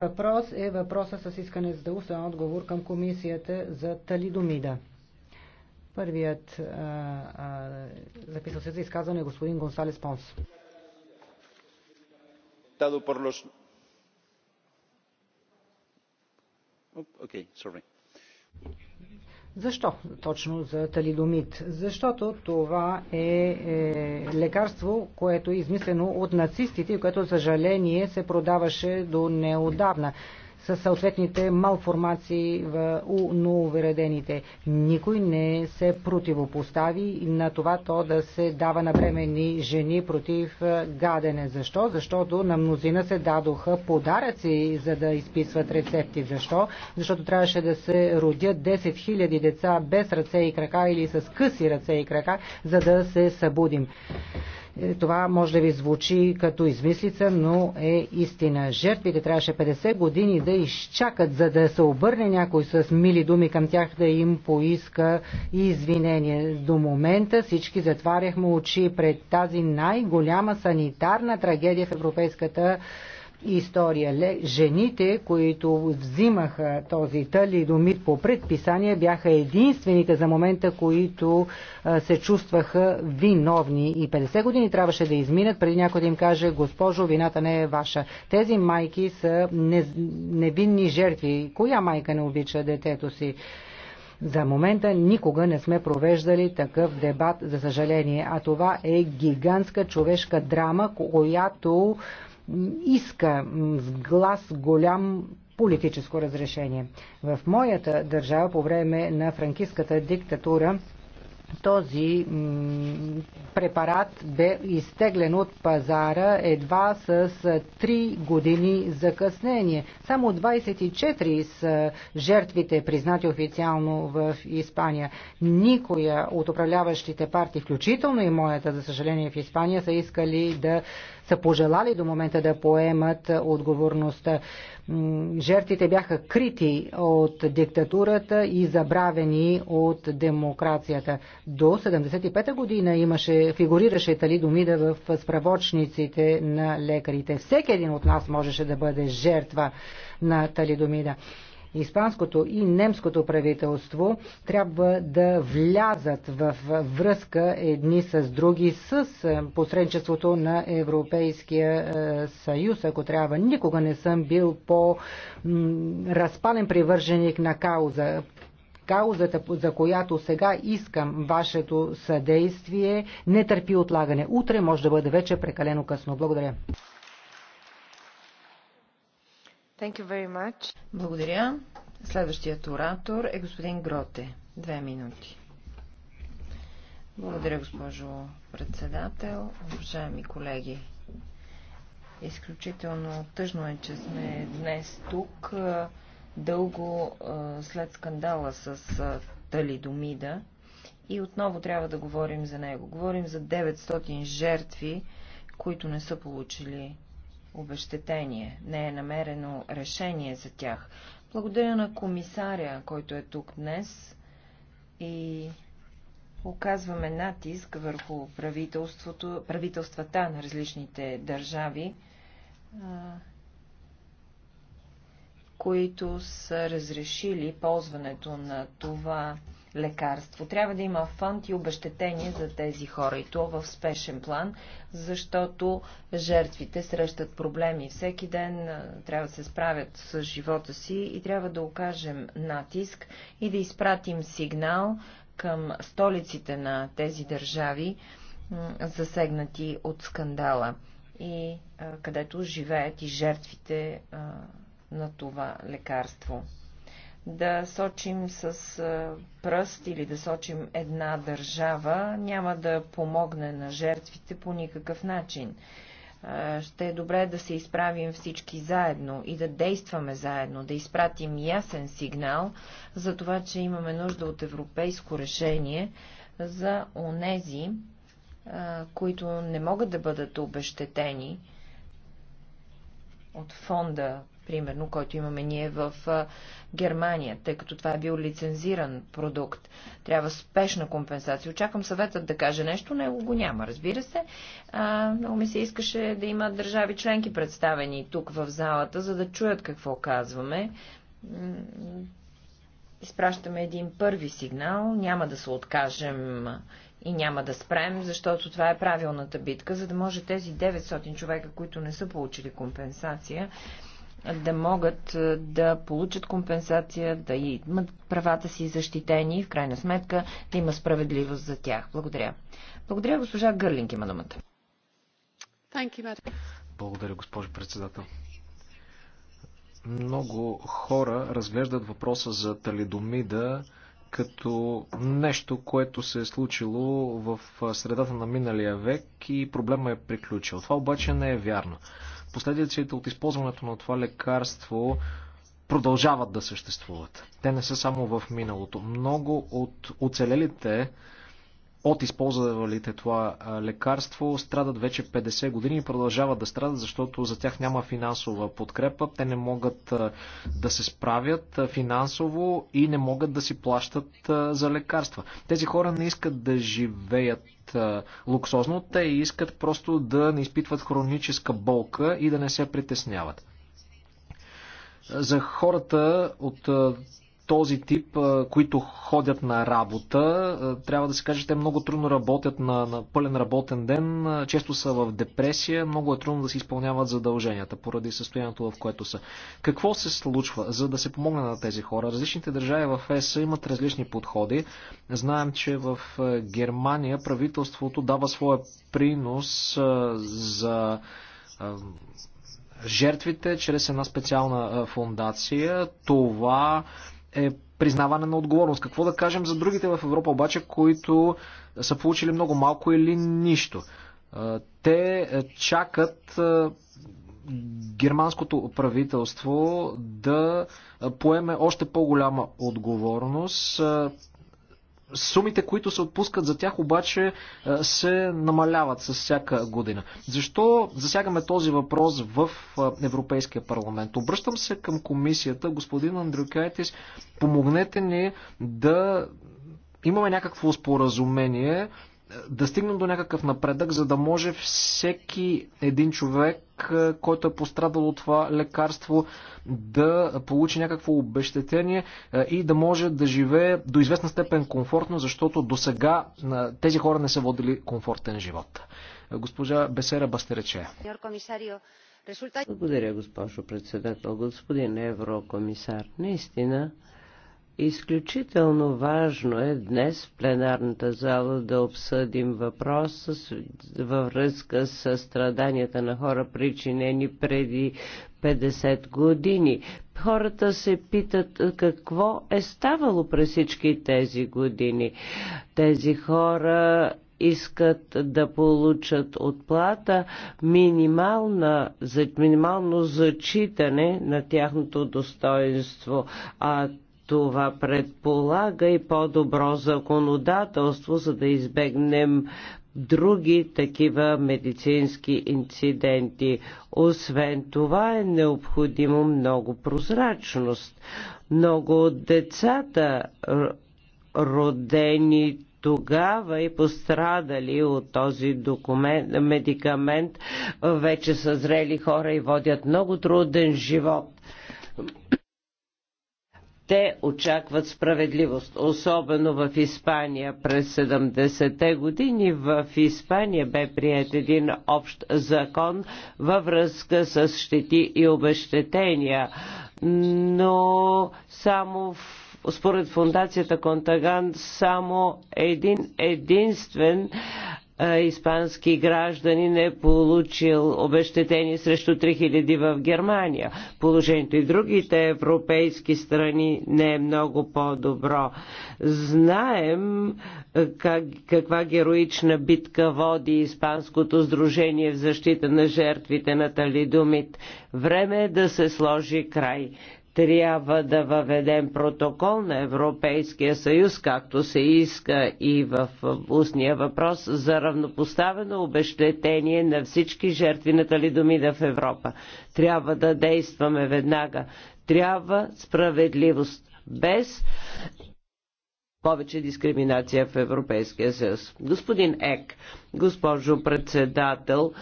въпрос е въпроса с искане за устен отговор към комисията за талидомида. Първият а, а, записал се за изказване е господин Гонсалес Понс. Окей, sorry. Защо точно за талидомид? Защото това е, е лекарство, което е измислено от нацистите и което, за съжаление, се продаваше до неодавна с съответните малформации в, у нововредените. Никой не се противопостави на това то да се дава на времени жени против гадене. Защо? Защото на мнозина се дадоха подаръци, за да изписват рецепти. Защо? Защото трябваше да се родят 10 000 деца без ръце и крака или с къси ръце и крака, за да се събудим. Е, това може да ви звучи като измислица, но е истина. Жертвите трябваше 50 години да изчакат, за да се обърне някой с мили думи към тях да им поиска извинение. До момента всички затваряхме очи пред тази най-голяма санитарна трагедия в европейската история. Жените, които взимаха този талидомид по предписание, бяха единствените за момента, които се чувстваха виновни. И 50 години трябваше да изминат, преди някой да им каже, госпожо, вината не е ваша. Тези майки са невинни жертви. Коя майка не обича детето си? За момента никога не сме провеждали такъв дебат, за съжаление, а това е гигантска човешка драма, която иска с глас голям политическо разрешение. В моята държава по време на франкиската диктатура този препарат бе изтеглен от пазара едва с 3 години закъснение. Само 24 са жертвите, признати официално в Испания. Никоя от управляващите партии, включително и моята, за съжаление, в Испания, са искали да са пожелали до момента да поемат отговорността. Жертвите бяха крити от диктатурата и забравени от демокрацията. До 75-та година имаше, фигурираше талидомида в справочниците на лекарите. Всеки един от нас можеше да бъде жертва на талидомида. Испанското и немското правителство трябва да влязат в връзка едни с други с е, посредничеството на Европейския е, съюз. Ако трябва, никога не съм бил по-разпален привърженик на кауза каузата, за която сега искам вашето съдействие, не търпи отлагане. Утре може да бъде вече прекалено късно. Благодаря. Thank you very much. Благодаря. Следващият оратор е господин Гроте. Две минути. Благодаря, госпожо председател. Уважаеми колеги, изключително тъжно е, че сме днес тук, дълго след скандала с талидомида и отново трябва да говорим за него. Говорим за 900 жертви, които не са получили обещетение. Не е намерено решение за тях. Благодаря на комисаря, който е тук днес и оказваме натиск върху правителството, правителствата на различните държави, които са разрешили ползването на това лекарство. Трябва да има фонд и обещетение за тези хора и то в спешен план, защото жертвите срещат проблеми. Всеки ден трябва да се справят с живота си и трябва да окажем натиск и да изпратим сигнал към столиците на тези държави, засегнати от скандала и където живеят и жертвите на това лекарство да сочим с пръст или да сочим една държава, няма да помогне на жертвите по никакъв начин. Ще е добре да се изправим всички заедно и да действаме заедно, да изпратим ясен сигнал за това, че имаме нужда от европейско решение за онези, които не могат да бъдат обещетени от фонда примерно, който имаме ние в Германия, тъй като това е бил лицензиран продукт. Трябва спешна компенсация. Очаквам съветът да каже нещо, него го няма, разбира се. А, много ми се искаше да има държави членки представени тук в залата, за да чуят какво казваме. Изпращаме един първи сигнал, няма да се откажем и няма да спрем, защото това е правилната битка, за да може тези 900 човека, които не са получили компенсация, да могат е, да получат компенсация, да имат правата си защитени и в крайна сметка да има справедливост за тях. Благодаря. Благодаря, госпожа Гърлинг има думата. Благодаря, госпожо председател. Много хора разглеждат въпроса за талидомида като нещо, което се е случило в средата на миналия век и проблема е приключил. Това обаче не е вярно последиците от използването на това лекарство продължават да съществуват. Те не са само в миналото. Много от оцелелите от използвалите това лекарство страдат вече 50 години и продължават да страдат, защото за тях няма финансова подкрепа. Те не могат да се справят финансово и не могат да си плащат за лекарства. Тези хора не искат да живеят луксозно, те искат просто да не изпитват хроническа болка и да не се притесняват. За хората от този тип, които ходят на работа, трябва да се каже, те много трудно работят на, на пълен работен ден, често са в депресия, много е трудно да се изпълняват задълженията поради състоянието, в което са. Какво се случва, за да се помогне на тези хора? Различните държави в ЕС имат различни подходи. Знаем, че в Германия правителството дава своя принос за жертвите чрез една специална фундация. Това е признаване на отговорност. Какво да кажем за другите в Европа обаче, които са получили много малко или нищо? Те е, чакат е, германското правителство да е, поеме още по-голяма отговорност. Сумите, които се отпускат за тях, обаче е, се намаляват с всяка година. Защо засягаме този въпрос в е, Европейския парламент? Обръщам се към комисията. Господин Андрюкайтис, помогнете ни да имаме някакво споразумение, да стигнем до някакъв напредък, за да може всеки един човек, който е пострадал от това лекарство, да получи някакво обещетение и да може да живее до известна степен комфортно, защото до сега тези хора не са водили комфортен живот. Госпожа Бесера Бастерече. Благодаря, госпожо председател. Господин еврокомисар, наистина Изключително важно е днес в пленарната зала да обсъдим въпрос във връзка с страданията на хора, причинени преди 50 години. Хората се питат какво е ставало през всички тези години. Тези хора искат да получат отплата минимална, за, минимално зачитане на тяхното достоинство. А това предполага и по-добро законодателство, за да избегнем други такива медицински инциденти. Освен това е необходимо много прозрачност. Много от децата, родени тогава и пострадали от този документ, медикамент, вече са зрели хора и водят много труден живот. Те очакват справедливост, особено в Испания. През 70-те години в Испания бе прият един общ закон във връзка с щети и обещетения, но само в според фундацията Контаган само един единствен испански гражданин е получил обещетение срещу 3000 в Германия. Положението и другите европейски страни не е много по-добро. Знаем как, каква героична битка води Испанското сдружение в защита на жертвите на Талидумит. Време е да се сложи край трябва да въведем протокол на Европейския съюз, както се иска и в устния въпрос, за равнопоставено обещетение на всички жертви на талидомида в Европа. Трябва да действаме веднага. Трябва справедливост. Без повече дискриминация в Европейския съюз. Господин Ек, госпожо председател,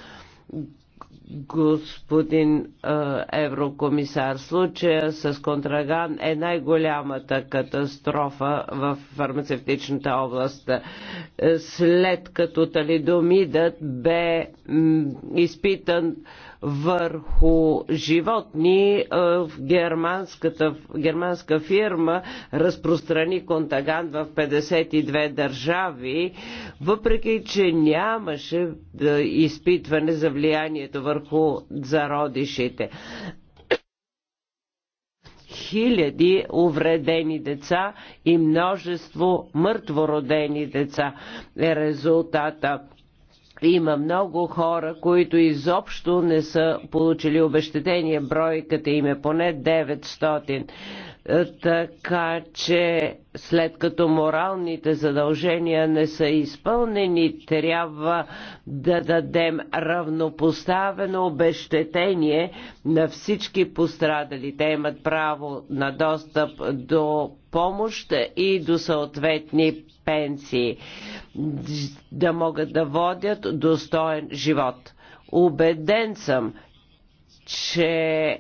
господин еврокомисар. Случая с Контраган е най-голямата катастрофа в фармацевтичната област. Е, след като талидомидът бе изпитан върху животни. Е, в германската, германска фирма разпространи контаган в 52 държави, въпреки че нямаше е, изпитване за влиянието върху зародишите хиляди увредени деца и множество мъртвородени деца е резултата. Има много хора, които изобщо не са получили обещетение. Бройката им е поне 900 е, така че след като моралните задължения не са изпълнени, трябва да дадем равнопоставено обещетение на всички пострадали. Те имат право на достъп до помощ и до съответни пенсии, да могат да водят достоен живот. Убеден съм, че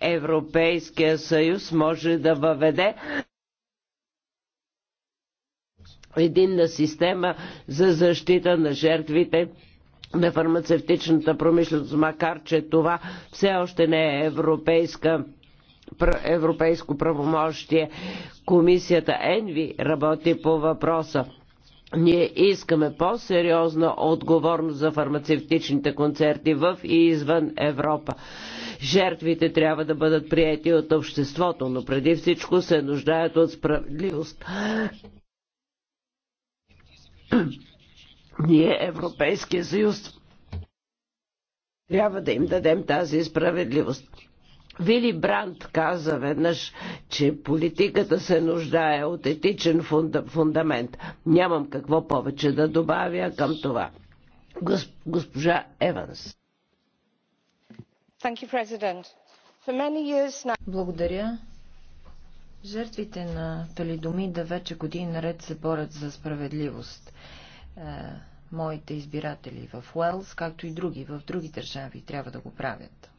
Европейския съюз може да въведе единна система за защита на жертвите на фармацевтичната промишленост, макар че това все още не е европейска европейско правомощие. Комисията Енви работи по въпроса. Ние искаме по-сериозна отговорност за фармацевтичните концерти в и извън Европа. Жертвите трябва да бъдат приети от обществото, но преди всичко се нуждаят от справедливост. Ние, Европейския съюз, трябва да им дадем тази справедливост. Вили Бранд каза веднъж, че политиката се нуждае от етичен фунда, фундамент. Нямам какво повече да добавя към това. Госп, госпожа Еванс. Благодаря. Жертвите на талидомида вече години наред се борят за справедливост. Е, моите избиратели в Уелс, както и други в други държави, трябва да го правят.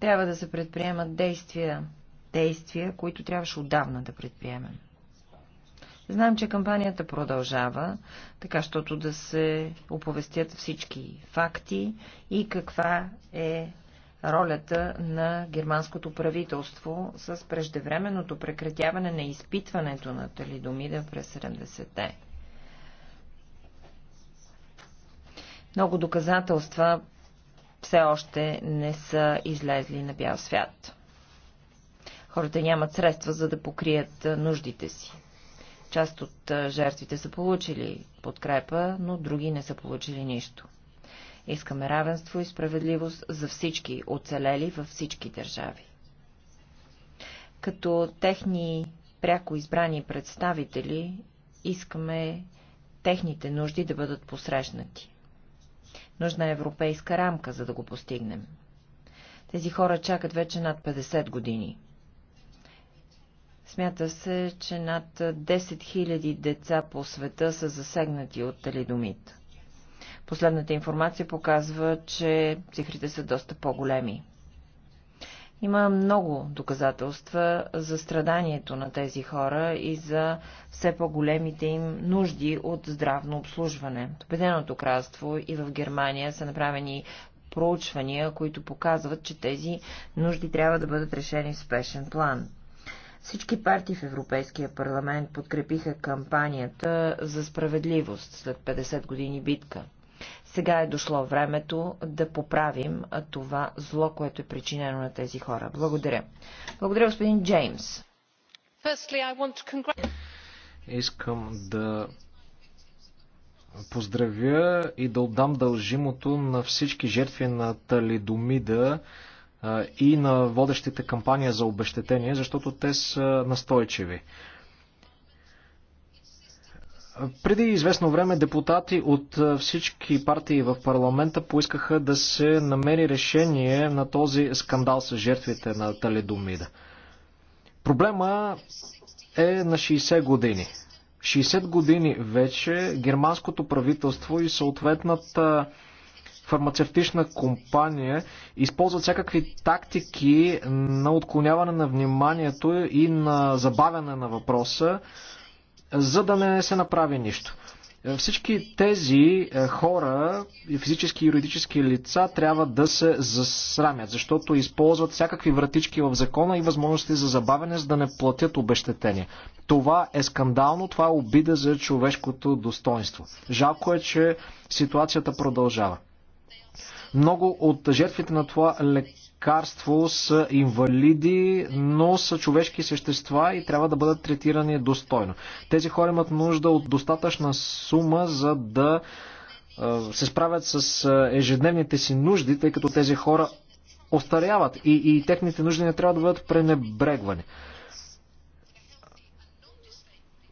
Трябва да се предприемат действия, действия, които трябваше отдавна да предприемем. Знаем, че кампанията продължава, така щото да се оповестят всички факти и каква е ролята на германското правителство с преждевременното прекратяване на изпитването на талидомида през 70-те. Много доказателства все още не са излезли на бял свят. Хората нямат средства, за да покрият нуждите си. Част от жертвите са получили подкрепа, но други не са получили нищо. Искаме равенство и справедливост за всички оцелели във всички държави. Като техни пряко избрани представители искаме техните нужди да бъдат посрещнати. Нужна е европейска рамка, за да го постигнем. Тези хора чакат вече над 50 години. Смята се, че над 10 000 деца по света са засегнати от талидомит. Последната информация показва, че цифрите са доста по-големи. Има много доказателства за страданието на тези хора и за все по-големите им нужди от здравно обслужване. В Беденото кралство и в Германия са направени проучвания, които показват, че тези нужди трябва да бъдат решени в спешен план. Всички партии в Европейския парламент подкрепиха кампанията за справедливост след 50 години битка. Сега е дошло времето да поправим това зло, което е причинено на тези хора. Благодаря. Благодаря, господин Джеймс. Искам да поздравя и да отдам дължимото на всички жертви на талидомида и на водещите кампания за обещетение, защото те са настойчиви. Преди известно време депутати от всички партии в парламента поискаха да се намери решение на този скандал с жертвите на таледомида. Проблема е на 60 години. 60 години вече германското правителство и съответната фармацевтична компания използват всякакви тактики на отклоняване на вниманието и на забавяне на въпроса, за да не се направи нищо. Е, всички тези е, хора, физически и юридически лица, трябва да се засрамят, защото използват всякакви вратички в закона и възможности за забавене, за да не платят обещетения. Това е скандално, това е обида за човешкото достоинство. Жалко е, че ситуацията продължава. Много от жертвите на това лекарство лекарство са инвалиди, но са човешки същества и трябва да бъдат третирани достойно. Тези хора имат нужда от достатъчна сума, за да се справят с ежедневните си нужди, тъй като тези хора остаряват и, и техните нужди не трябва да бъдат пренебрегвани.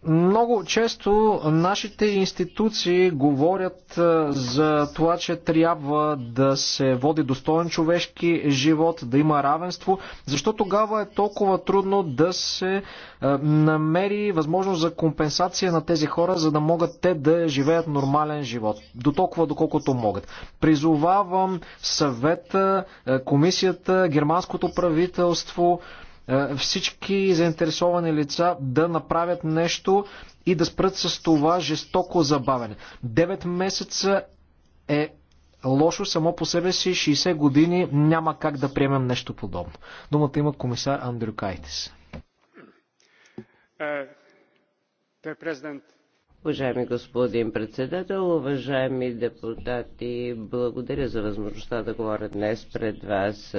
Много често нашите институции говорят е, за това, че трябва да се води достоен човешки живот, да има равенство. Защо тогава е толкова трудно да се е, намери възможност за компенсация на тези хора, за да могат те да живеят нормален живот? До толкова, доколкото могат. Призовавам съвета, е, комисията, германското правителство, е, всички заинтересовани лица да направят нещо и да спрат с това жестоко забавене. 9 месеца е лошо само по себе си, 60 години няма как да приемем нещо подобно. Думата има комисар Андрю Кайтис. Е, е уважаеми господин председател, уважаеми депутати, благодаря за възможността да говоря днес пред вас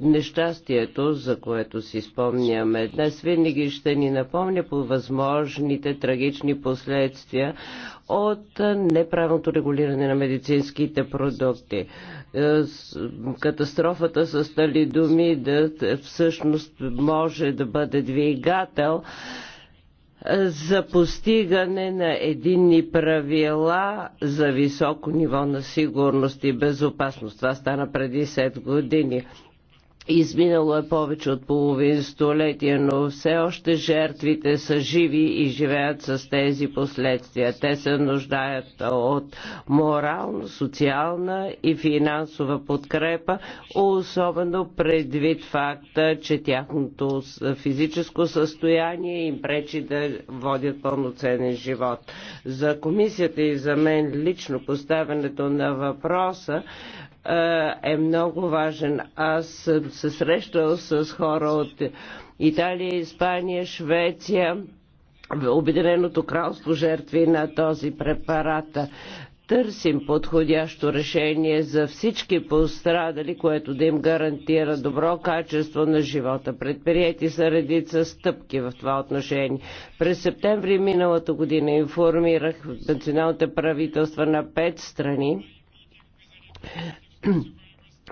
нещастието, за което си спомняме днес, винаги ще ни напомня по възможните трагични последствия от неправилното регулиране на медицинските продукти. Е, катастрофата с да всъщност може да бъде двигател е, за постигане на единни правила за високо ниво на сигурност и безопасност. Това стана преди 7 години. Изминало е повече от половин столетие, но все още жертвите са живи и живеят с тези последствия. Те се нуждаят от морална, социална и финансова подкрепа, особено предвид факта, че тяхното физическо състояние им пречи да водят пълноценен живот. За комисията и за мен лично поставянето на въпроса е, е много важен. Аз съм се срещал с хора от Италия, Испания, Швеция, Обединеното кралство жертви на този препарат търсим подходящо решение за всички пострадали, което да им гарантира добро качество на живота. Предприяти са редица стъпки в това отношение. През септември миналата година информирах националните правителства на пет страни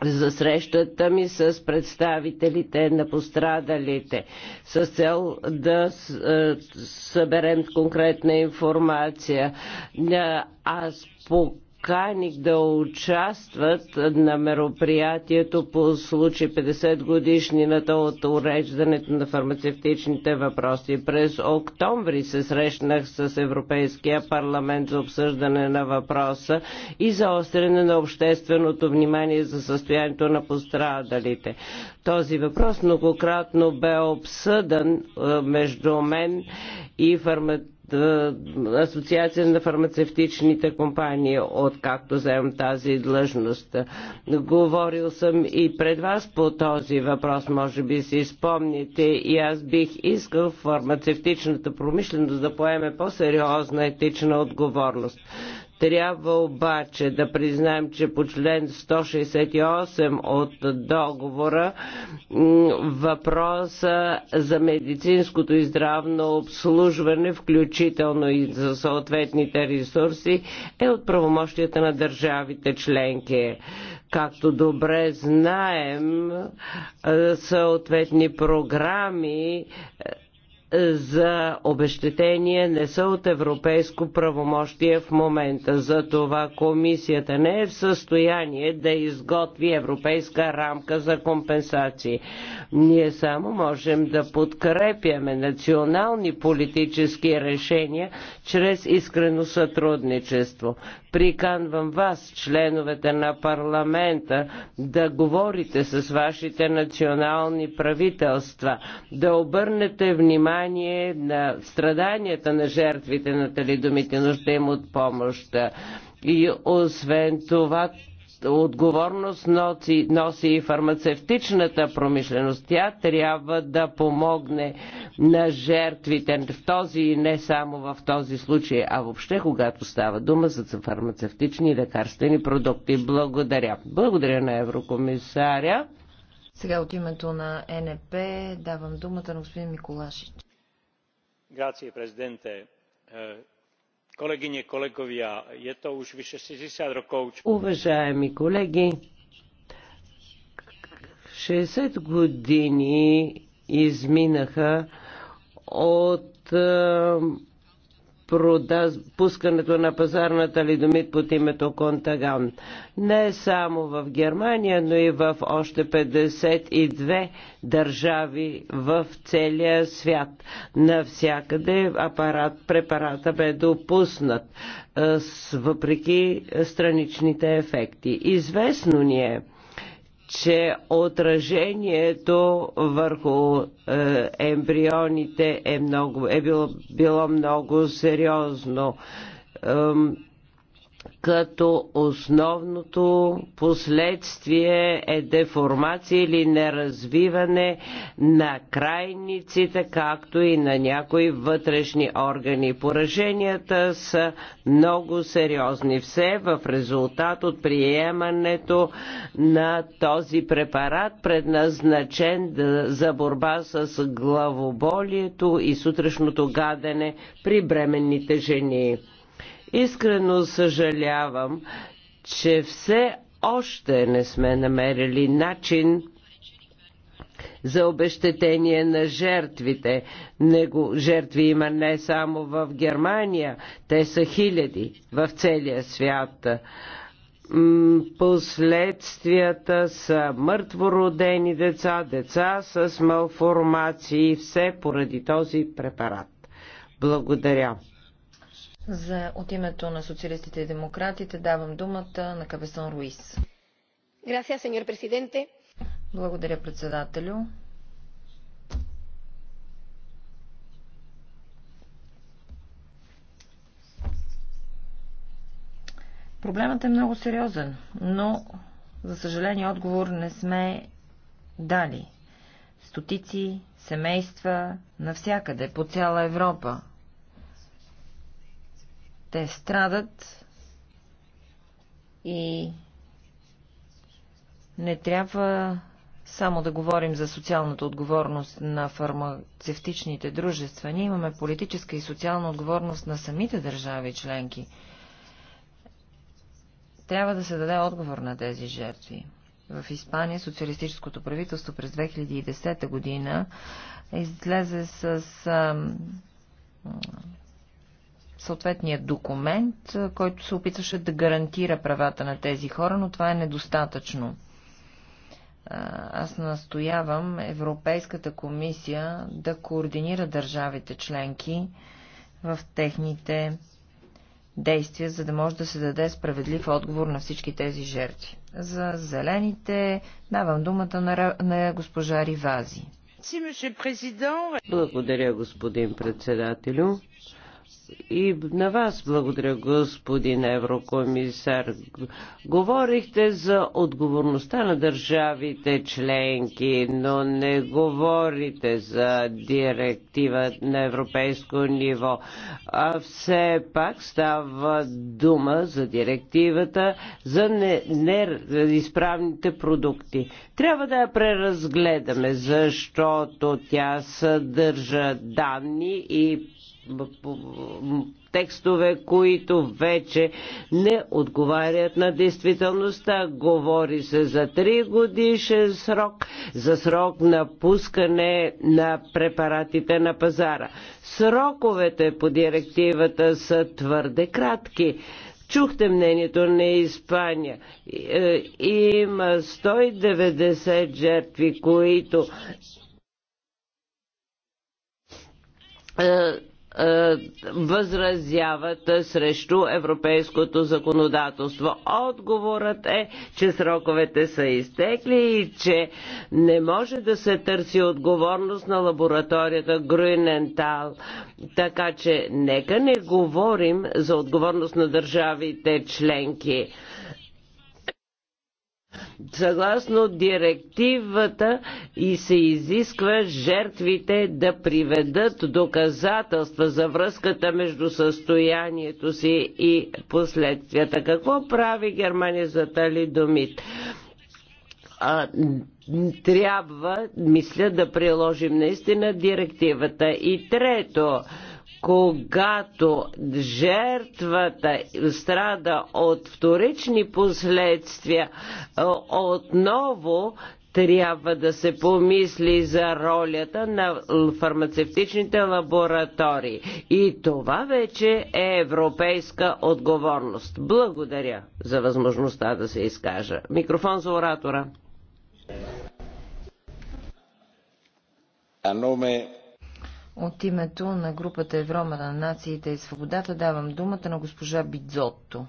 за срещата ми с представителите на пострадалите с цел да е, съберем конкретна информация. Аз по поканих да участват на мероприятието по случай 50 годишнината от уреждането на фармацевтичните въпроси. През октомври се срещнах с Европейския парламент за обсъждане на въпроса и заостряне на общественото внимание за състоянието на пострадалите. Този въпрос многократно бе обсъден е, между мен и фармацевтичните Асоциация на фармацевтичните компании, откакто взем тази длъжност. Говорил съм и пред вас по този въпрос, може би си спомните, и аз бих искал фармацевтичната промишленост да поеме по-сериозна етична отговорност. Трябва обаче да признаем, че по член 168 от договора въпроса за медицинското и здравно обслужване, включително и за съответните ресурси, е от правомощията на държавите членки. Както добре знаем, е, съответни програми е, за обещетение не са от европейско правомощие в момента. Затова комисията не е в състояние да изготви европейска рамка за компенсации. Ние само можем да подкрепяме национални политически решения чрез искрено сътрудничество. Приканвам вас, членовете на парламента, да говорите с вашите национални правителства, да обърнете внимание внимание на страданията на жертвите на талидомите, нужда им от помощ. И освен това, отговорност носи, носи и фармацевтичната промишленост. Тя трябва да помогне на жертвите в този и не само в този случай, а въобще когато става дума за фармацевтични лекарствени продукти. Благодаря. Благодаря на Еврокомисаря. Сега от името на НП давам думата на господин Миколашич vážený pán predsedajúci kolegyne kolegovia je to už vyše šesťdesiat rokov. уважаеми колеги 60 години изминаха от прода, пускането на пазарната лидомит под името Контаган. Не само в Германия, но и в още 52 държави в целия свят. Навсякъде апарат, препарата бе допуснат, въпреки страничните ефекти. Известно ни е, че отражението върху е, ембрионите е, много, е било, било много сериозно. Е, като основното последствие е деформация или неразвиване на крайниците, както и на някои вътрешни органи. Пораженията са много сериозни. Все в резултат от приемането на този препарат, предназначен за борба с главоболието и сутрешното гадене при бременните жени. Искрено съжалявам, че все още не сме намерили начин за обещетение на жертвите. Него, жертви има не само в Германия, те са хиляди в целия свят. Последствията са мъртвородени деца, деца с малформации, все поради този препарат. Благодаря. За от името на социалистите и демократите давам думата на Кабесон Руис. Gracias, Благодаря, председателю. Проблемът е много сериозен, но за съжаление отговор не сме дали. Стотици, семейства, навсякъде, по цяла Европа те страдат и не трябва само да говорим за социалната отговорност на фармацевтичните дружества. Ние имаме политическа и социална отговорност на самите държави членки. Трябва да се даде отговор на тези жертви. В Испания социалистическото правителство през 2010 година излезе с съответния документ, който се опитваше да гарантира правата на тези хора, но това е недостатъчно. Аз настоявам Европейската комисия да координира държавите членки в техните действия, за да може да се даде справедлив отговор на всички тези жертви. За зелените давам думата на, на госпожа Ривази. Благодаря, господин председателю. И на вас благодаря, господин еврокомисар. Говорихте за отговорността на държавите членки, но не говорите за директива на европейско ниво. А все пак става дума за директивата за неизправните не, продукти. Трябва да я преразгледаме, защото тя съдържа данни и текстове, които вече не отговарят на действителността. Говори се за 3 годишен срок, за срок на пускане на препаратите на пазара. Сроковете по директивата са твърде кратки. Чухте мнението на Испания. Е, има 190 жертви, които е, е, възразяват срещу европейското законодателство. Отговорът е, че сроковете са изтекли и че не може да се търси отговорност на лабораторията Груинентал. Така че нека не говорим за отговорност на държавите членки Съгласно директивата и се изисква жертвите да приведат доказателства за връзката между състоянието си и последствията. Какво прави Германия за талидомит? а, трябва, мисля, да приложим наистина директивата. И трето, когато жертвата страда от вторични последствия, отново трябва да се помисли за ролята на фармацевтичните лаборатории. И това вече е европейска отговорност. Благодаря за възможността да се изкажа. Микрофон за оратора. A от името на групата Еврома на нациите и свободата давам думата на госпожа Бидзотто.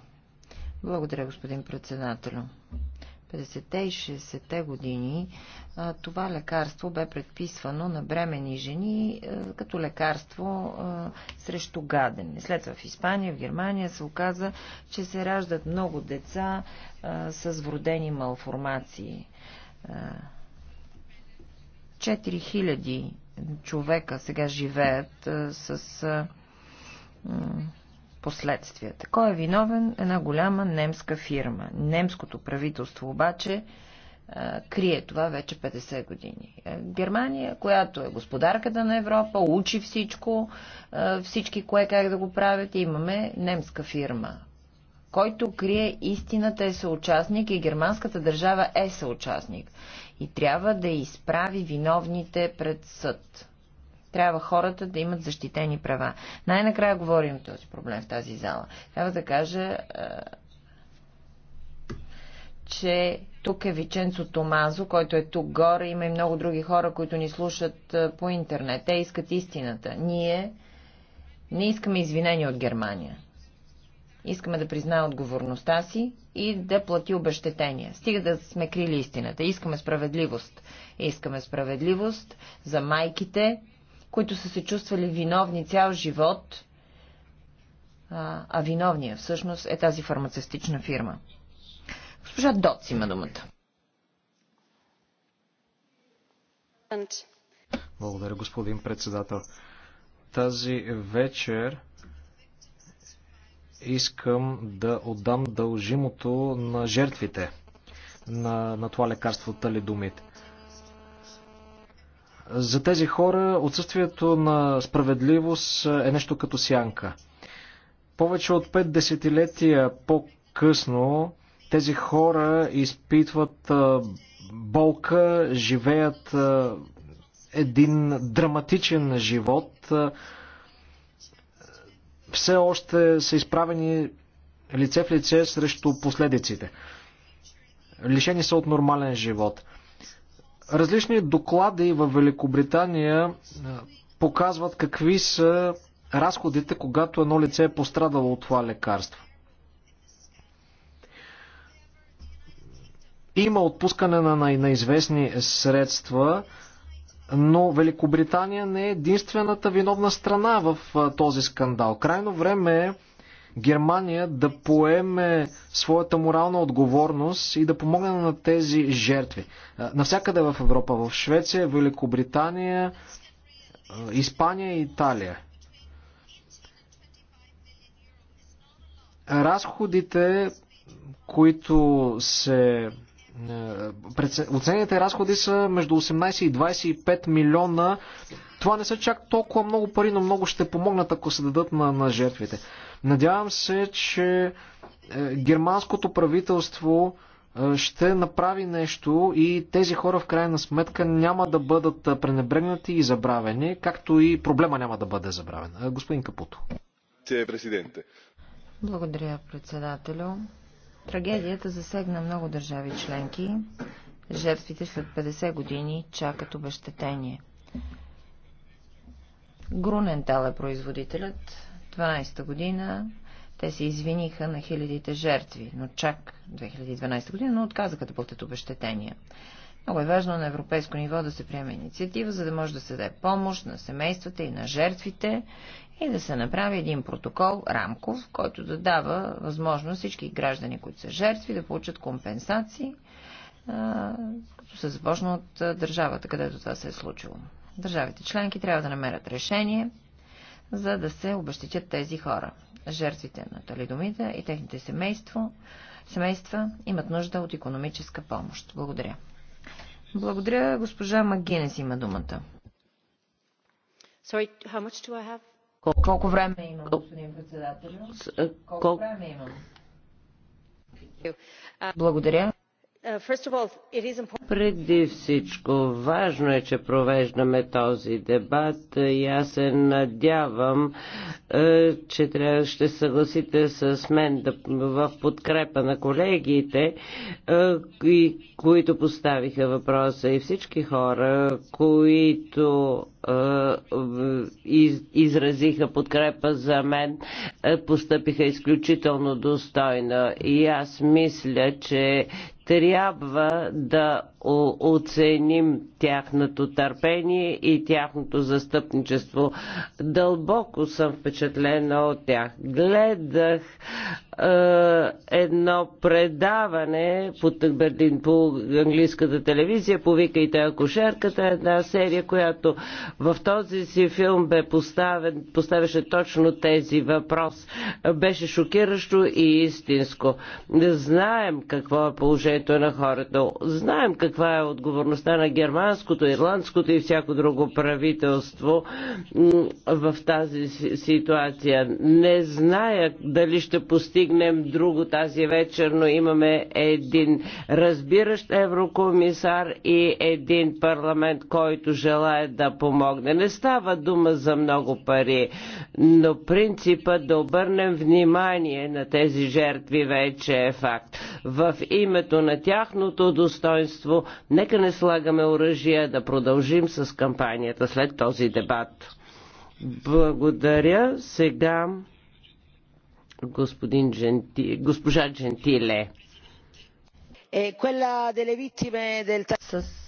Благодаря, господин председателю. 50-те и 60-те години това лекарство бе предписвано на бремени жени като лекарство срещу гадене. След това в Испания, в Германия се оказа, че се раждат много деца с вродени малформации. 4000 човека сега живеят с последствията. Кой е виновен? Една голяма немска фирма. Немското правителство обаче крие това вече 50 години. Е, Германия, която е господарката на Европа, учи всичко, всички кое как да го правят, имаме немска фирма. Който крие истината е съучастник и германската държава е съучастник и трябва да изправи виновните пред съд. Трябва хората да имат защитени права. Най-накрая говорим този проблем в тази зала. Трябва да кажа, е, че тук е Виченцо Томазо, който е тук горе. Има и много други хора, които ни слушат е, по интернет. Те искат истината. Ние не искаме извинения от Германия. Искаме да признае отговорността си и да плати обещетения. Стига да сме крили истината. Искаме справедливост. Искаме справедливост за майките, които са се чувствали виновни цял живот, а, а виновния всъщност е тази фармацевтична фирма. Госпожа Доц има думата. Благодаря, господин председател. Тази вечер искам да отдам дължимото на жертвите на, на това лекарство талидомид. За тези хора отсъствието на справедливост е нещо като сянка. Повече от пет десетилетия по-късно тези хора изпитват болка, живеят един драматичен живот, все още са изправени лице в лице срещу последиците. Лишени са от нормален живот. Различни доклади в Великобритания показват какви са разходите, когато едно лице е пострадало от това лекарство. Има отпускане на, на известни средства, но Великобритания не е единствената виновна страна в този скандал. Крайно време е Германия да поеме своята морална отговорност и да помогне на тези жертви. Навсякъде в Европа, в Швеция, Великобритания, Испания и Италия. Разходите, които се е, оценените разходи са между 18 и 25 милиона. Това не са чак толкова много пари, но много ще помогнат, ако се дадат на, на жертвите. Надявам се, че е, германското правителство е, ще направи нещо и тези хора в крайна сметка няма да бъдат пренебрегнати и забравени, както и проблема няма да бъде забравен. Господин Капуто. Благодаря, председателю. Трагедията засегна много държави членки. Жертвите след 50 години чакат обещетение. Грунентал е производителят. 12-та година те се извиниха на хилядите жертви, но чак 2012 година, но отказаха да платят обещетения. Много е важно на европейско ниво да се приеме инициатива, за да може да се даде помощ на семействата и на жертвите и да се направи един протокол рамков, който да дава възможност всички граждани, които са жертви, да получат компенсации, като се започна от държавата, където това се е случило. Държавите членки трябва да намерят решение, за да се обещетят тези хора. Жертвите на талидомида и техните семейство, семейства имат нужда от економическа помощ. Благодаря. Благодаря. Госпожа Магинес има думата. Sorry, how much do I have? Колко, колко време имам, господин председател? Колко, колко време имам? Благодаря. Uh, Преди всичко, важно е, че провеждаме този дебат и аз се надявам, е, че трябва ще съгласите с мен да, в подкрепа на колегите, е, които поставиха въпроса и всички хора, които е, изразиха подкрепа за мен, постъпиха изключително достойно. И аз мисля, че трябва да оценим тяхното търпение и тяхното застъпничество. Дълбоко съм впечатлена от тях. Гледах е, едно предаване по, Бердин по английската телевизия, повикайте акушерката, една серия, която в този си филм бе поставен, поставяше точно тези въпрос. Беше шокиращо и истинско. Знаем какво е положението на хората. Знаем каква е отговорността на германското, ирландското и всяко друго правителство в тази ситуация. Не зная дали ще постигне постигнем друго тази вечер, но имаме един разбиращ еврокомисар и един парламент, който желая да помогне. Не става дума за много пари, но принципа да обърнем внимание на тези жертви вече е факт. В името на тяхното достоинство, нека не слагаме оръжия да продължим с кампанията след този дебат. Благодаря. Сега господин Дженти... госпожа Джентиле. Е,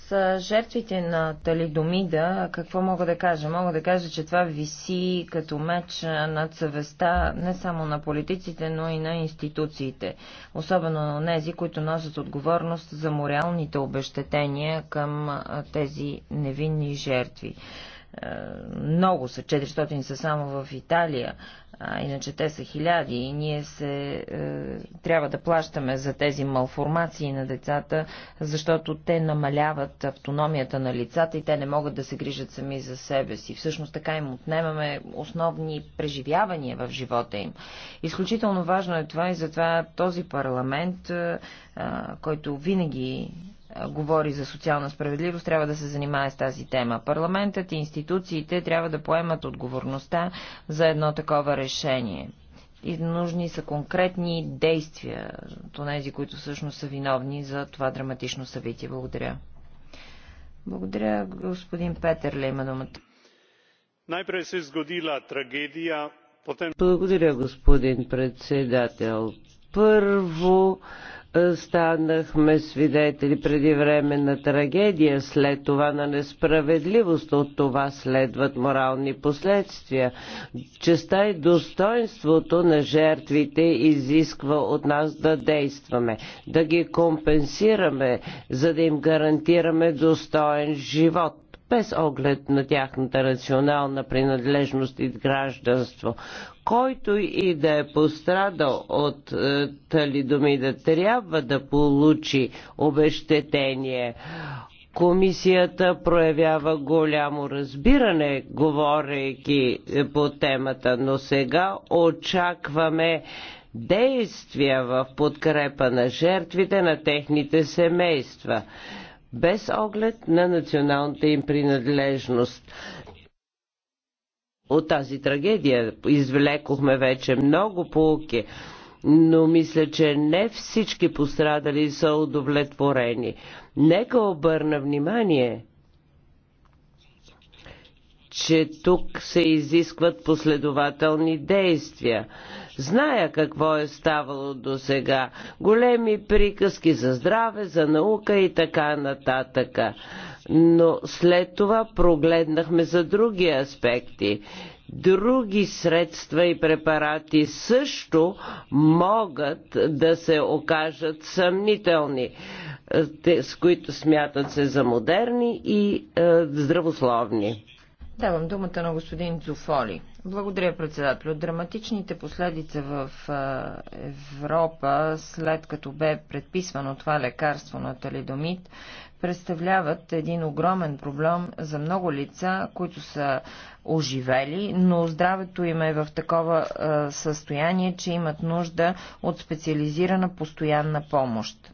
С жертвите на талидомида, какво мога да кажа? Мога да кажа, че това виси като меч над съвестта не само на политиците, но и на институциите. Особено на тези, които носят отговорност за моралните обещетения към тези невинни жертви е, много са, 400 са само в Италия а, иначе те са хиляди и ние се, е, трябва да плащаме за тези малформации на децата, защото те намаляват автономията на лицата и те не могат да се грижат сами за себе си. Всъщност така им отнемаме основни преживявания в живота им. Изключително важно е това и затова този парламент, е, който винаги говори за социална справедливост, трябва да се занимае с тази тема. Парламентът и институциите трябва да поемат отговорността за едно такова решение. И нужни са конкретни действия от тези, които всъщност са виновни за това драматично събитие. Благодаря. Благодаря, господин Петър Лейма думата. Най-пре се изгодила трагедия, Благодаря, господин председател. Първо, станахме свидетели преди време на трагедия, след това на несправедливост, от това следват морални последствия. Честа и достоинството на жертвите изисква от нас да действаме, да ги компенсираме, за да им гарантираме достоен живот без оглед на тяхната рационална принадлежност и гражданство. Който и да е пострадал от е, талидомида, трябва да получи обещетение. Комисията проявява голямо разбиране, говорейки е, по темата, но сега очакваме действия в подкрепа на жертвите на техните семейства без оглед на националната им принадлежност. От тази трагедия извлекохме вече много полки, но мисля, че не всички пострадали са удовлетворени. Нека обърна внимание, че тук се изискват последователни действия. Зная какво е ставало до сега. Големи приказки за здраве, за наука и така нататък. Но след това прогледнахме за други аспекти други средства и препарати също могат да се окажат съмнителни, с които смятат се за модерни и е, здравословни. Давам думата на господин Цуфоли. Благодаря, председател. драматичните последици в Европа, след като бе предписвано това лекарство на талидомид, представляват един огромен проблем за много лица, които са оживели, но здравето им е в такова състояние, че имат нужда от специализирана постоянна помощ.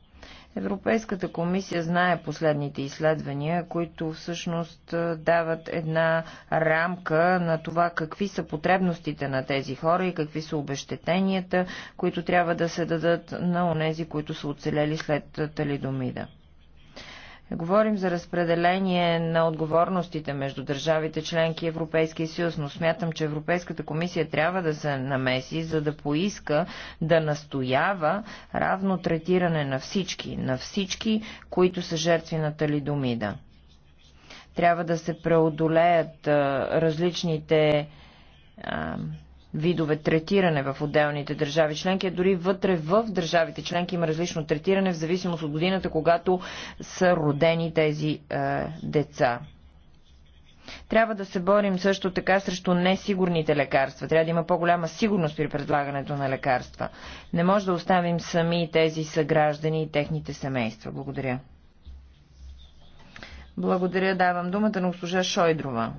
Европейската комисия знае последните изследвания, които всъщност дават една рамка на това какви са потребностите на тези хора и какви са обещетенията, които трябва да се дадат на онези, които са оцелели след талидомида. Говорим за разпределение на отговорностите между държавите членки и Европейския съюз, но смятам, че Европейската комисия трябва да се намеси, за да поиска да настоява равно третиране на всички, на всички, които са жертви на талидомида. Трябва да се преодолеят а, различните а, видове третиране в отделните държави членки, а дори вътре в държавите членки има различно третиране в зависимост от годината, когато са родени тези е, деца. Трябва да се борим също така срещу несигурните лекарства. Трябва да има по-голяма сигурност при предлагането на лекарства. Не може да оставим сами тези съграждани и техните семейства. Благодаря. Благодаря. Давам думата на госпожа Шойдрова.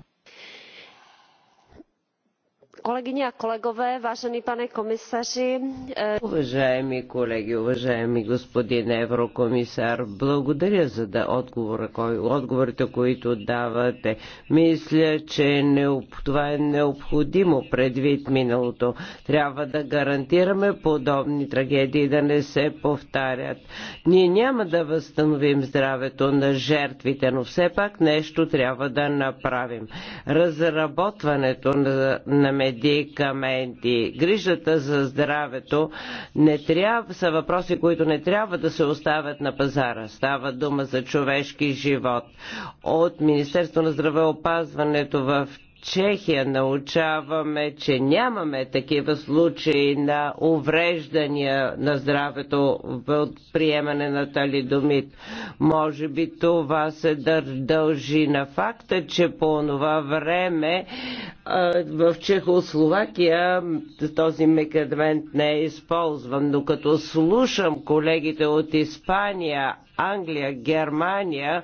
Kolegyně a kolegové, vážený pane komisaři. E, уважаеми колеги, уважаеми господин еврокомисар, благодаря за да отговора, кой, отговорите, които давате. Мисля, че е не, това е необходимо предвид миналото. Трябва да гарантираме подобни трагедии да не се повтарят. Ние няма да възстановим здравето на жертвите, но все пак нещо трябва да направим. Разработването на, на медикаменти. Грижата за здравето не трябва, са въпроси, които не трябва да се оставят на пазара. Става дума за човешки живот. От Министерство на здравеопазването в Чехия научаваме, че нямаме такива случаи на увреждания на здравето от приемане на талидомид. Може би това се дължи на факта, че по това време в Чехословакия този мекадмент не е използван, но като слушам колегите от Испания, Англия, Германия,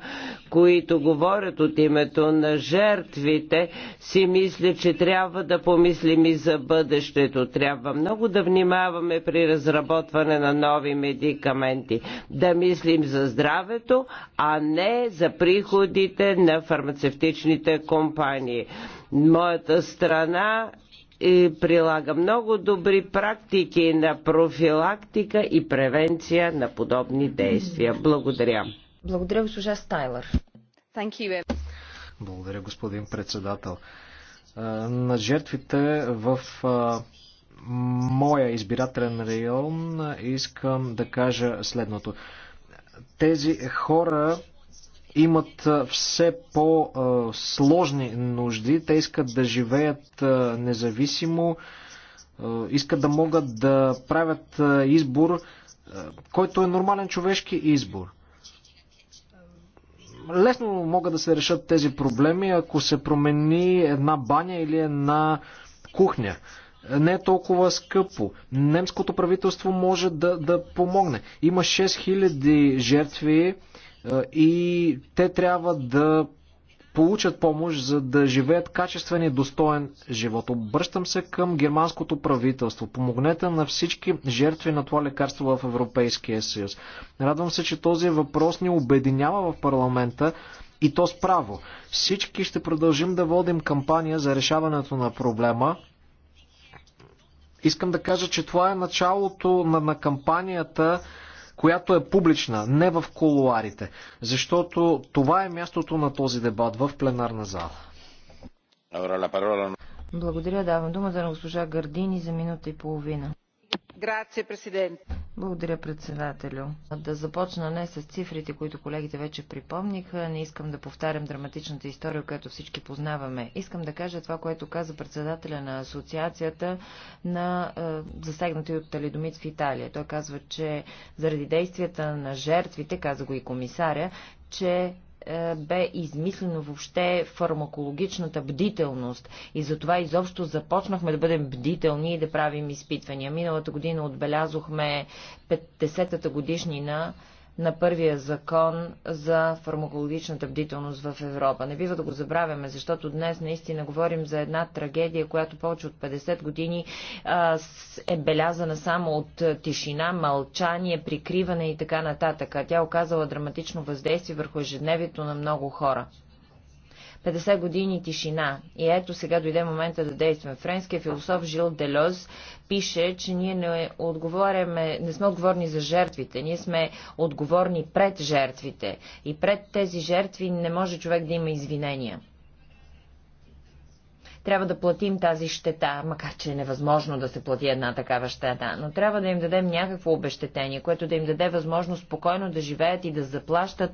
които говорят от името на жертвите, си мисля, че трябва да помислим и за бъдещето. Трябва много да внимаваме при разработване на нови медикаменти. Да мислим за здравето, а не за приходите на фармацевтичните компании. Моята страна и прилага много добри практики на профилактика и превенция на подобни действия. Благодаря. Благодаря, госпожа Стайлър. Благодаря, господин председател. На жертвите в моя избирателен район искам да кажа следното. Тези хора имат все по-сложни нужди. Те искат да живеят независимо, искат да могат да правят избор, който е нормален човешки избор. Лесно могат да се решат тези проблеми, ако се промени една баня или една кухня не е толкова скъпо. Немското правителство може да, да помогне. Има 6000 жертви е, и те трябва да получат помощ, за да живеят качествен и достоен живот. Обръщам се към германското правителство. Помогнете на всички жертви на това лекарство в Европейския съюз. Радвам се, че този въпрос ни обединява в парламента и то справо. Всички ще продължим да водим кампания за решаването на проблема. Искам да кажа, че това е началото на, на кампанията която е публична, не в колуарите, защото това е мястото на този дебат в пленарна зала. Благодаря, давам думата на госпожа Гардини за минута и половина. Грация, президент. Благодаря, председателю. Да започна не с цифрите, които колегите вече припомниха. Не искам да повтарям драматичната история, която всички познаваме. Искам да кажа това, което каза председателя на асоциацията на е, засегнати от талидомит в Италия. Той казва, че заради действията на жертвите, каза го и комисаря, че е, бе измислено въобще фармакологичната бдителност и затова изобщо започнахме да бъдем бдителни и да правим изпитвания. Миналата година отбелязохме 50-та годишнина на първия закон за фармакологичната бдителност в Европа. Не бива да го забравяме, защото днес наистина говорим за една трагедия, която повече от 50 години а, е белязана само от тишина, мълчание, прикриване и така нататък. Тя оказала драматично въздействие върху ежедневието на много хора. 50 години тишина. И ето сега дойде момента да действаме. Френският философ Жил Делоз пише, че ние не, отговаряме, не сме отговорни за жертвите, ние сме отговорни пред жертвите. И пред тези жертви не може човек да има извинения трябва да платим тази щета, макар че е невъзможно да се плати една такава щета, но трябва да им дадем някакво обещетение, което да им даде възможност спокойно да живеят и да заплащат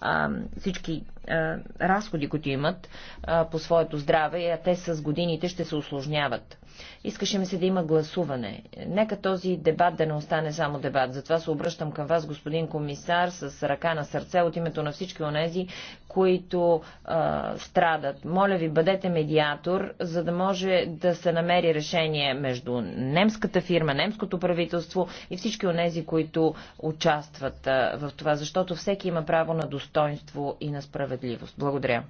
а, всички а, разходи, които имат а, по своето здраве, а те с годините ще се осложняват. Искаше ми се да има гласуване. Нека този дебат да не остане само дебат. Затова се обръщам към вас, господин комисар, с ръка на сърце от името на всички онези, които а, страдат. Моля ви, бъдете медиатор, за да може да се намери решение между немската фирма, немското правителство и всички онези, които участват а, в това, защото всеки има право на достоинство и на справедливост. Благодаря.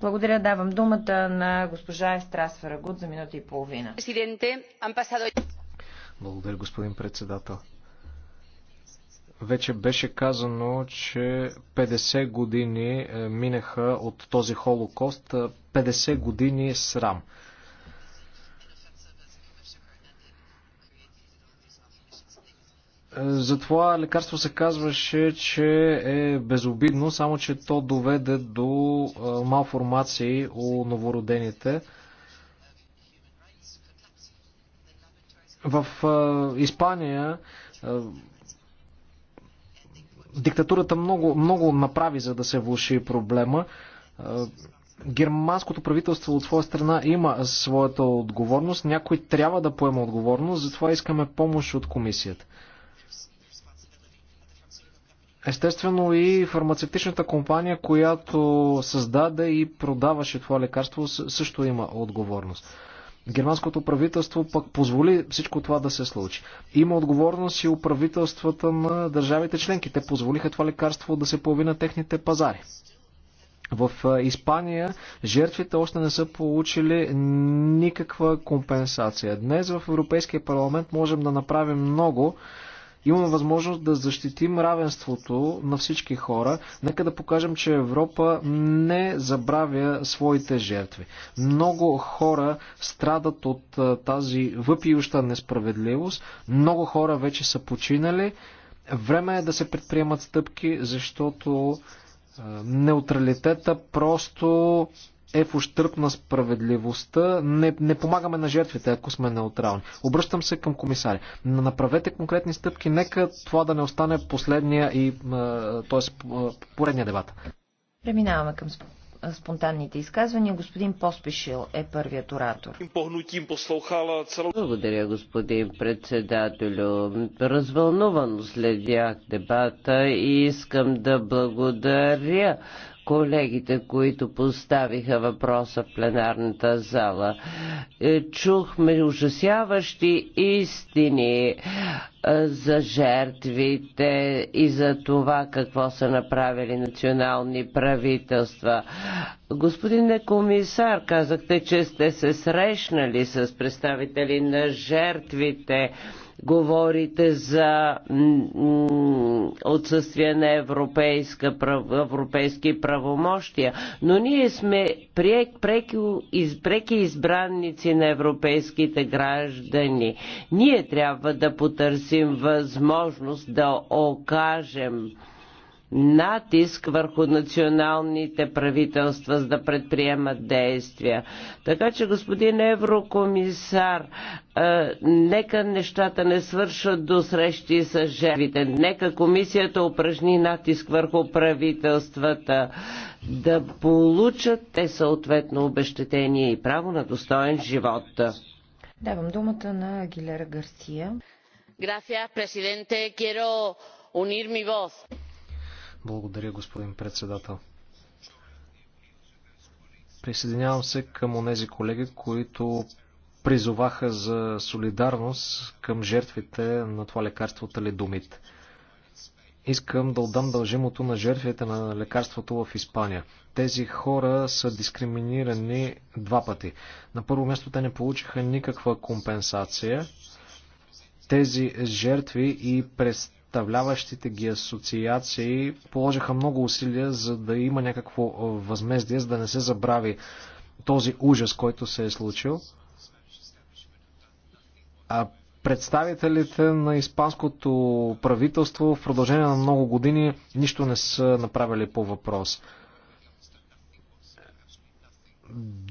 Благодаря. Давам думата на госпожа Естрас Фарагут за минута и половина. Благодаря, господин председател. Вече беше казано, че 50 години е, минаха от този холокост. 50 години срам. Затова лекарство се казваше, че е безобидно, само че то доведе до малформации у новородените. В Испания диктатурата много, много направи, за да се влуши проблема. Германското правителство от своя страна има своята отговорност. Някой трябва да поема отговорност, затова искаме помощ от комисията. Естествено и фармацевтичната компания, която създаде и продаваше това лекарство, също има отговорност. Германското правителство пък позволи всичко това да се случи. Има отговорност и у правителствата на държавите членки. Те позволиха това лекарство да се появи на техните пазари. В Испания жертвите още не са получили никаква компенсация. Днес в Европейския парламент можем да направим много, Имаме възможност да защитим равенството на всички хора. Нека да покажем, че Европа не забравя своите жертви. Много хора страдат от тази въпиюща несправедливост. Много хора вече са починали. Време е да се предприемат стъпки, защото неутралитета просто е в ущърп на справедливостта. Не, не помагаме на жертвите, ако сме неутрални. Обръщам се към комисаря. Направете конкретни стъпки. Нека това да не остане последния и т.е. поредния дебат. Преминаваме към спонтанните изказвания. Господин Поспешил е първият оратор. Благодаря, господин председателю. Развълнувано следях дебата и искам да благодаря колегите, които поставиха въпроса в пленарната зала. Е, чухме ужасяващи истини е, за жертвите и за това какво са направили национални правителства. Господин комисар, казахте, че сте се срещнали с представители на жертвите. Говорите за отсъствие на европейска, европейски правомощия, но ние сме преки, преки избранници на европейските граждани. Ние трябва да потърсим възможност да окажем натиск върху националните правителства за да предприемат действия. Така че, господин еврокомисар, е, нека нещата не свършат до срещи с жертвите. Нека комисията упражни натиск върху правителствата да получат те съответно обещетение и право на достоен живот. Давам думата на Агилера Гарсия. Gracias, presidente. Quiero unir mi voz. Благодаря, господин председател. Присъединявам се към онези колеги, които призоваха за солидарност към жертвите на това лекарство Таледомит. Искам да отдам дължимото на жертвите на лекарството в Испания. Тези хора са дискриминирани два пъти. На първо място те не получиха никаква компенсация. Тези жертви и през представляващите ги асоциации положиха много усилия, за да има някакво възмездие, за да не се забрави този ужас, който се е случил. А представителите на испанското правителство в продължение на много години нищо не са направили по въпрос.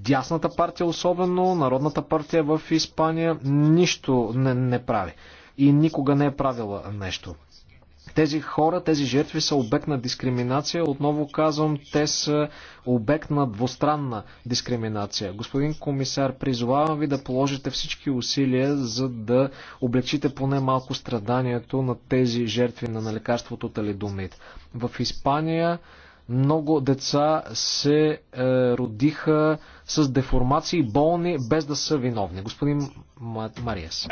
Дясната партия особено, Народната партия в Испания нищо не, не прави и никога не е правила нещо. Тези хора, тези жертви са обект на дискриминация. Отново казвам, те са обект на двустранна дискриминация. Господин комисар, призовавам ви да положите всички усилия, за да облегчите поне малко страданието на тези жертви на лекарството талидомид. В Испания много деца се е, родиха с деформации, болни, без да са виновни. Господин Мариес.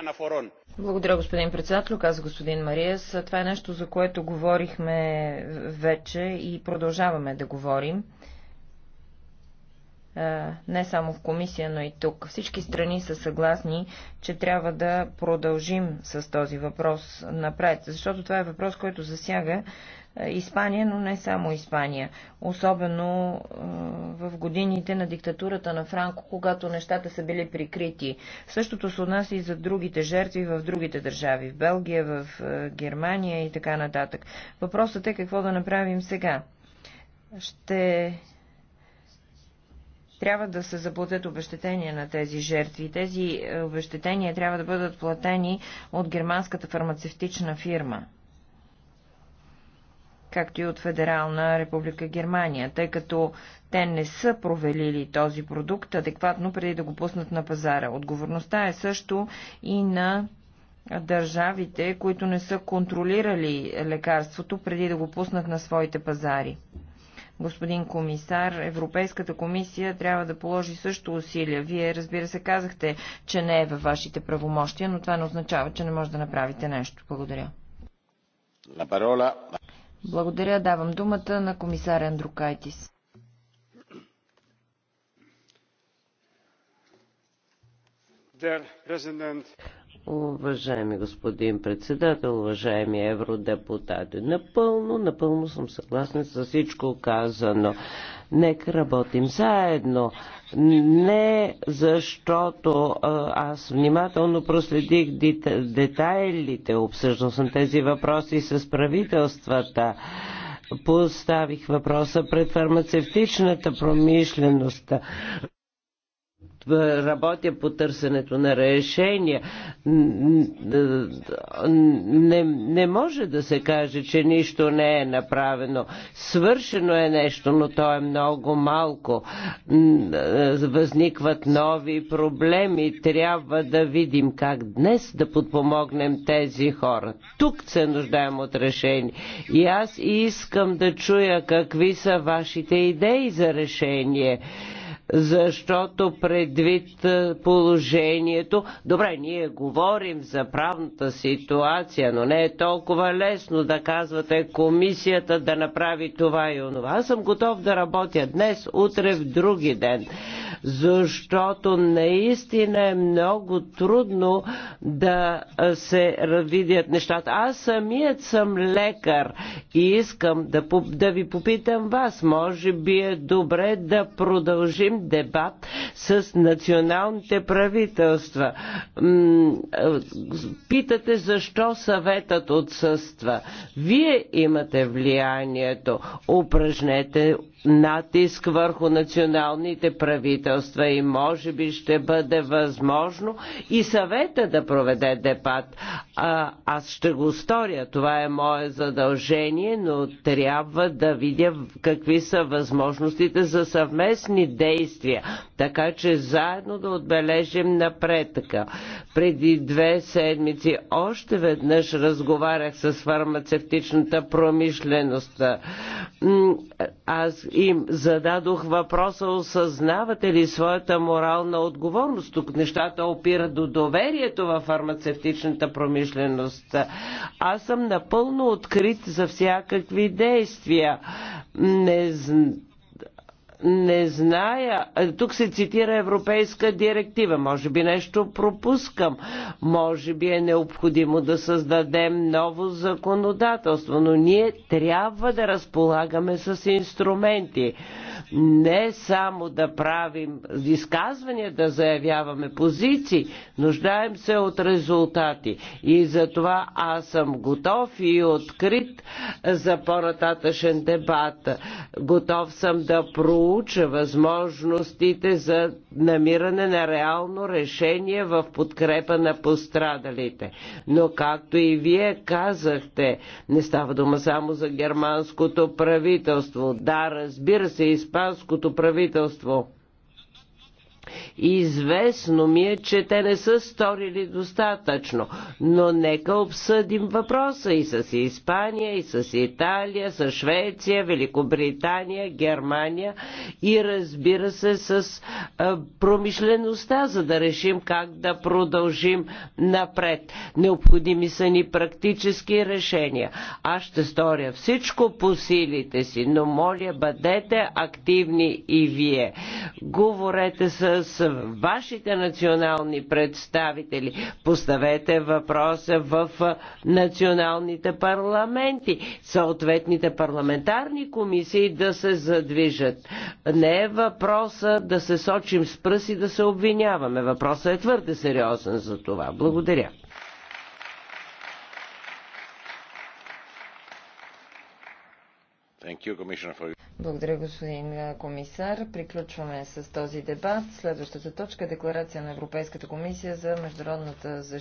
Благодаря, господин председател. Каза господин Мариес. Това е нещо, за което говорихме вече и продължаваме да говорим е, не само в комисия, но и тук. Всички страни са съгласни, че трябва да продължим с този въпрос напред, защото това е въпрос, който засяга е, Испания, но не само Испания. Особено е, в годините на диктатурата на Франко, когато нещата са били прикрити. Същото се отнася и за другите жертви в другите държави. В Белгия, в е, Германия и така нататък. Въпросът е какво да направим сега. Ще трябва да се заплатят обещетения на тези жертви. Тези обещетения трябва да бъдат платени от германската фармацевтична фирма както и от Федерална република Германия, тъй като те не са провелили този продукт адекватно преди да го пуснат на пазара. Отговорността е също и на държавите, които не са контролирали лекарството преди да го пуснат на своите пазари. Господин комисар, Европейската комисия трябва да положи също усилия. Вие, разбира се, казахте, че не е във вашите правомощия, но това не означава, че не може да направите нещо. Благодаря. Благодаря. Давам думата на комисар Андрукайтис. Уважаеми господин председател, уважаеми евродепутати, напълно, напълно съм съгласен с всичко казано. Нека работим заедно. Не защото аз внимателно проследих детайлите, обсъждал съм тези въпроси с правителствата поставих въпроса пред фармацевтичната промишленост работя по търсенето на решения. Не, не може да се каже, че нищо не е направено. Свършено е нещо, но то е много малко. Е, възникват нови проблеми. Трябва да видим как днес да подпомогнем тези хора. Тук се нуждаем от решение. И аз искам да чуя какви са вашите идеи за решение защото предвид е, положението, добре, ние говорим за правната ситуация, но не е толкова лесно да казвате комисията да направи това и онова. Аз съм готов да работя днес, утре, в други ден защото наистина е много трудно да се видят нещата. Аз самият съм лекар и искам да, да ви попитам вас. Може би е добре да продължим дебат с националните правителства. Питате защо съветът отсъства. Вие имате влиянието. Упражнете натиск върху националните правителства и може би ще бъде възможно и съвета да проведе дебат. А, аз ще го сторя, това е мое задължение, но трябва да видя какви са възможностите за съвместни действия, така че заедно да отбележим напредъка. Преди две седмици още веднъж разговарях с фармацевтичната промишленост. Аз им зададох въпроса, осъзнавате ли своята морална отговорност? Тук нещата опират до доверието във фармацевтичната промишленост. Аз съм напълно открит за всякакви действия. Не знам не зная, тук се цитира европейска директива, може би нещо пропускам, може би е необходимо да създадем ново законодателство, но ние трябва да разполагаме с инструменти. Не само да правим изказвания, да заявяваме позиции, нуждаем се от резултати. И затова аз съм готов и открит за по-нататъчен дебат. Готов съм да проучвам проуча възможностите за намиране на реално решение в подкрепа на пострадалите. Но както и вие казахте, не става дума само за германското правителство. Да, разбира се, испанското правителство Известно ми е, че те не са сторили достатъчно, но нека обсъдим въпроса и с Испания, и с Италия, с Швеция, Великобритания, Германия и разбира се с а, промишлеността, за да решим как да продължим напред. Необходими са ни практически решения. Аз ще сторя всичко по силите си, но моля бъдете активни и вие. Говорете с с вашите национални представители. Поставете въпроса в националните парламенти, съответните парламентарни комисии да се задвижат. Не е въпроса да се сочим с пръси да се обвиняваме. Въпросът е твърде сериозен за това. Благодаря. Благодаря, господин комисар. Приключваме с този дебат. Следващата точка е декларация на Европейската комисия за международната защита.